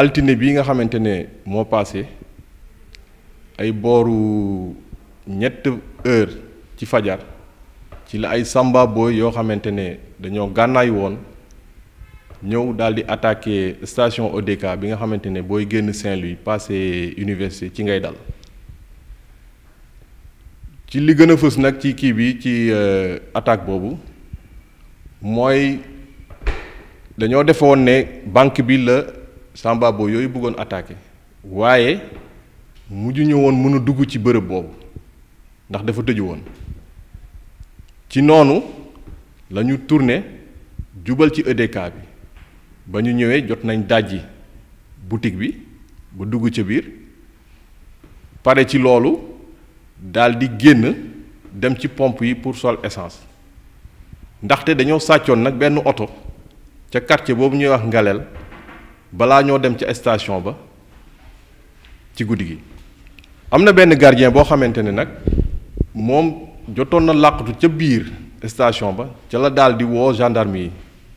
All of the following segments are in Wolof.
altiné bi nga xamante ne passé ay boru ñett heure ci fajar ci la ay samba boy yo xamante ne dañoo gànnaay woon ñëw daal di attaquer station ODK bi nga xamante boy génn Saint-Louis passé université ci ngay dal ci li gën a nak ci ki bi ci euh, attaque bobu. moy dañoo defe ne banque bi la samba boo yooyu bëggoon attaqué waaye mujj ñu woon mën a dugg ci bërëb boobu ndax dafa tëju woon ci noonu lañu turne jubal ci EDK bi ba ñu ñëwee jot nañ dajji boutique bi ba dugg ca biir pare ci loolu daldi génn dem ci pompe yi pour sol essence ndaxte dañoo sàccoon nag benn oto ca quartier boobu ñuy wax Ngalel balaa ñoo dem ca station ba ci guddi gi am na benn gardien boo xamante ne nag moom jotoon na làqatu ca biir station ba ca la daal di woo gendarme yi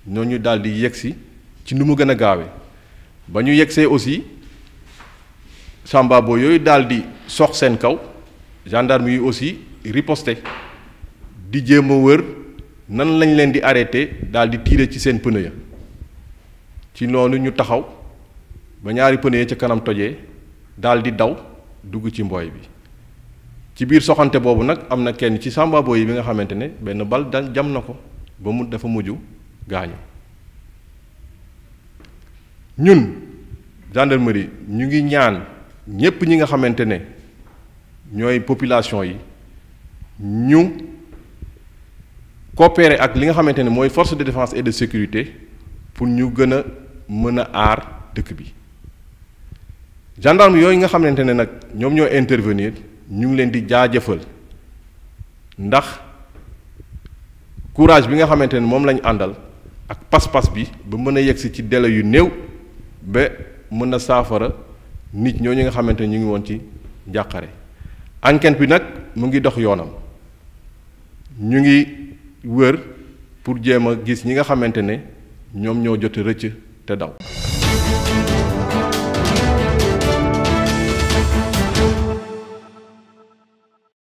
ñooñu daal di yegsi ci nu mu gën a gaawee ba ñu yegsee aussi samba yooyu daal sox seen kaw gendarme yi aussi riposté di jéem a wër nan lañ leen di arrêté daal di tiire ci seen pneu ya ci noonu ñu taxaw ba ñaari pëne ca kanam tojee daal daw dugg ci mbooy bi ci biir soxante boobu nag am na kenn ci sàmbaaboo yi bi nga xamante ne benn bal da jam na ko ba mu dafa mujj gaañu ñun gendarmerie ñu ngi ñaan ñépp ñi nga xamante ne ñooy population yi ñu coopérer ak li nga xamante ne mooy force de défense et de sécurité pour ñu gën a mën a aar dëkk bi gendarme yooyu nga xamante ne nag ñoom ñoo intervenir ñu ngi leen di jaajëfal ndax courage bi nga xamante ne moom lañu àndal ak pas-pas bi ba mën a yegsi ci délai yu néew ba mën a saafara nit ñooñu nga xamante ne ñu ngi woon ci njàqare enquête bi nag mu ngi dox yoonam ñu ngi wër pour jéem a gis ñi nga xamante ne ñoom ñoo jote rëcc Till now.